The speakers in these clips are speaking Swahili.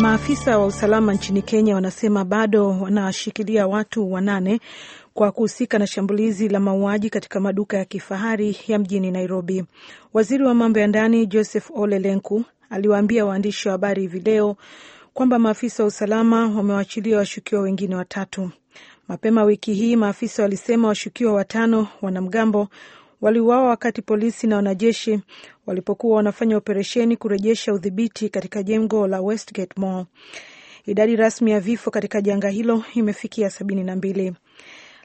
Maafisa wa usalama nchini Kenya wanasema bado wanashikilia watu wanane kwa kuhusika na shambulizi la mauaji katika maduka ya kifahari ya mjini Nairobi. Waziri wa mambo ya ndani Joseph Ole Lenku aliwaambia waandishi wa habari hivi leo kwamba maafisa wa usalama wamewaachilia washukiwa wengine watatu. Mapema wiki hii maafisa walisema washukiwa watano wanamgambo waliuawa wakati polisi na wanajeshi walipokuwa wanafanya operesheni kurejesha udhibiti katika jengo la Westgate Mall. Idadi rasmi ya vifo katika janga hilo imefikia sabini na mbili.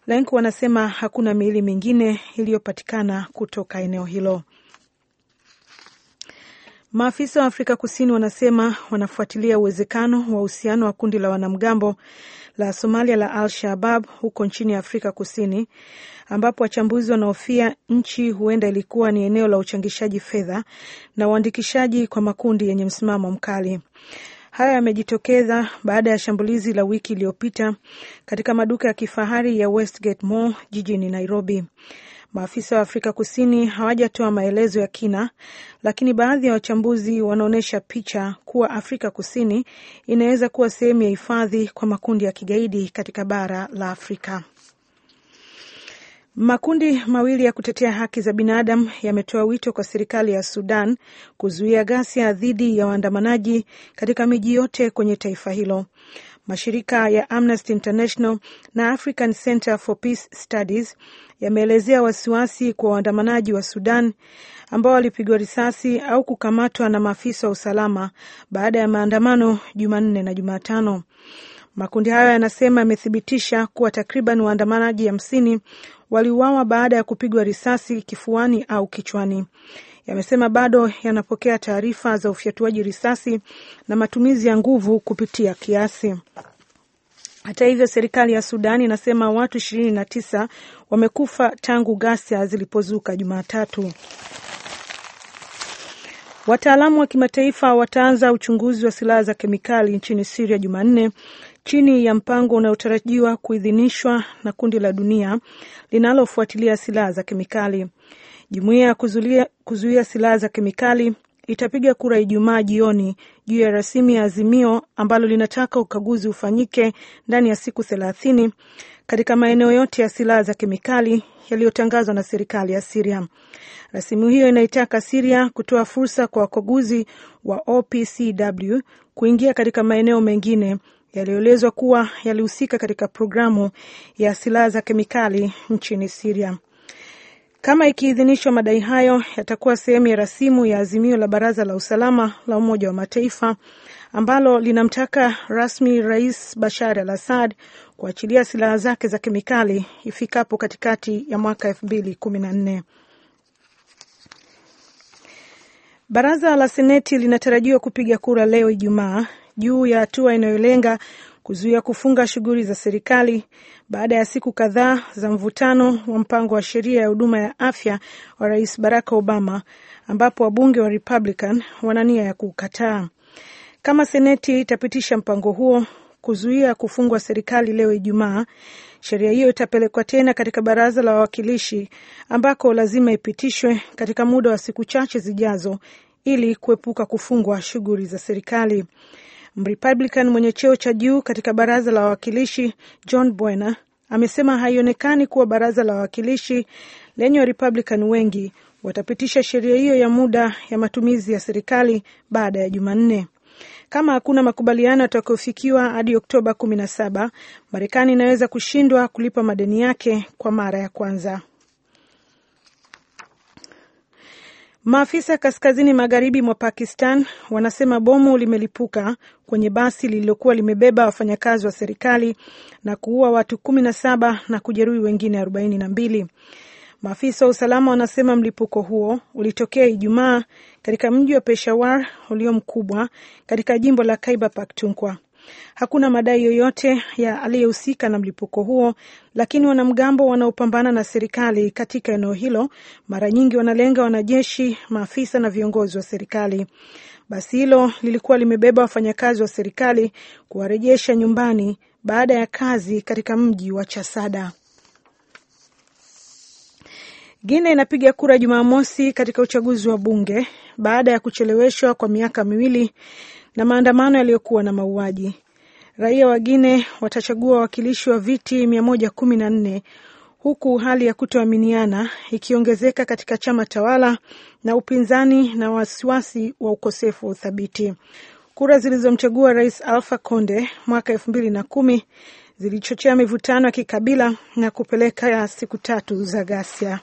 Lenk wanasema hakuna miili mingine iliyopatikana kutoka eneo hilo. Maafisa wa Afrika Kusini wanasema wanafuatilia uwezekano wa uhusiano wa kundi la wanamgambo la Somalia la Al Shabab huko nchini Afrika Kusini, ambapo wachambuzi wanahofia nchi huenda ilikuwa ni eneo la uchangishaji fedha na uandikishaji kwa makundi yenye msimamo mkali. Haya yamejitokeza baada ya shambulizi la wiki iliyopita katika maduka ya kifahari ya Westgate Mall jijini Nairobi. Maafisa wa Afrika Kusini hawajatoa maelezo ya kina, lakini baadhi ya wachambuzi wanaonyesha picha kuwa Afrika Kusini inaweza kuwa sehemu ya hifadhi kwa makundi ya kigaidi katika bara la Afrika. Makundi mawili ya kutetea haki za binadamu yametoa wito kwa serikali ya Sudan kuzuia ghasia dhidi ya waandamanaji katika miji yote kwenye taifa hilo. Mashirika ya Amnesty International na African Center for Peace Studies yameelezea wasiwasi kwa waandamanaji wa Sudan ambao walipigwa risasi au kukamatwa na maafisa wa usalama baada ya maandamano Jumanne na Jumatano. Makundi hayo yanasema yamethibitisha kuwa takriban waandamanaji hamsini waliuawa baada ya kupigwa risasi kifuani au kichwani yamesema bado yanapokea taarifa za ufyatuaji risasi na matumizi ya nguvu kupitia kiasi. Hata hivyo, serikali ya Sudan inasema watu ishirini na tisa wamekufa tangu ghasia zilipozuka Jumatatu. Wataalamu wa kimataifa wataanza uchunguzi wa silaha za kemikali nchini Siria Jumanne chini ya mpango unaotarajiwa kuidhinishwa na kundi la dunia linalofuatilia silaha za kemikali. Jumuiya ya kuzuia silaha za kemikali itapiga kura Ijumaa jioni juu ya rasimu ya azimio ambalo linataka ukaguzi ufanyike ndani ya siku thelathini katika maeneo yote ya silaha za kemikali yaliyotangazwa na serikali ya Siria. Rasimu hiyo inaitaka Siria kutoa fursa kwa wakaguzi wa OPCW kuingia katika maeneo mengine yaliyoelezwa kuwa yalihusika katika programu ya silaha za kemikali nchini Siria. Kama ikiidhinishwa, madai hayo yatakuwa sehemu ya rasimu ya azimio la Baraza la Usalama la Umoja wa Mataifa ambalo linamtaka rasmi Rais Bashar al Assad kuachilia silaha zake za kemikali ifikapo katikati ya mwaka elfu mbili kumi na nne. Baraza la Seneti linatarajiwa kupiga kura leo Ijumaa juu ya hatua inayolenga kuzuia kufunga shughuli za serikali baada ya siku kadhaa za mvutano wa mpango wa sheria ya huduma ya afya wa Rais Barack Obama, ambapo wabunge wa Republican wana nia ya kuukataa. Kama Seneti itapitisha mpango huo kuzuia kufungwa serikali leo Ijumaa, sheria hiyo itapelekwa tena katika baraza la wawakilishi ambako lazima ipitishwe katika muda wa siku chache zijazo ili kuepuka kufungwa shughuli za serikali. Mrepublican mwenye cheo cha juu katika baraza la wawakilishi John Boehner amesema haionekani kuwa baraza la wawakilishi lenye Warepublican wengi watapitisha sheria hiyo ya muda ya matumizi ya serikali baada ya Jumanne. Kama hakuna makubaliano yatakayofikiwa hadi Oktoba 17, Marekani inaweza kushindwa kulipa madeni yake kwa mara ya kwanza. Maafisa kaskazini magharibi mwa Pakistan wanasema bomu limelipuka kwenye basi lililokuwa limebeba wafanyakazi wa serikali na kuua watu kumi na saba na kujeruhi wengine arobaini na mbili. Maafisa wa usalama wanasema mlipuko huo ulitokea Ijumaa katika mji wa Peshawar ulio mkubwa katika jimbo la Kaiba Paktunkwa. Hakuna madai yoyote ya aliyehusika na mlipuko huo, lakini wanamgambo wanaopambana na serikali katika eneo hilo mara nyingi wanalenga wanajeshi, maafisa na viongozi wa serikali. Basi hilo lilikuwa limebeba wafanyakazi wa serikali kuwarejesha nyumbani baada ya kazi katika mji wa Chasada. Guinea inapiga kura Jumamosi katika uchaguzi wa bunge baada ya kucheleweshwa kwa miaka miwili na maandamano yaliyokuwa na mauaji. Raia wagine watachagua wawakilishi wa viti 114 huku hali ya kutoaminiana ikiongezeka katika chama tawala na upinzani na wasiwasi wa ukosefu wa uthabiti. Kura zilizomchagua rais Alfa Conde mwaka elfu mbili na kumi zilichochea mivutano ya kikabila na kupeleka siku tatu za ghasia.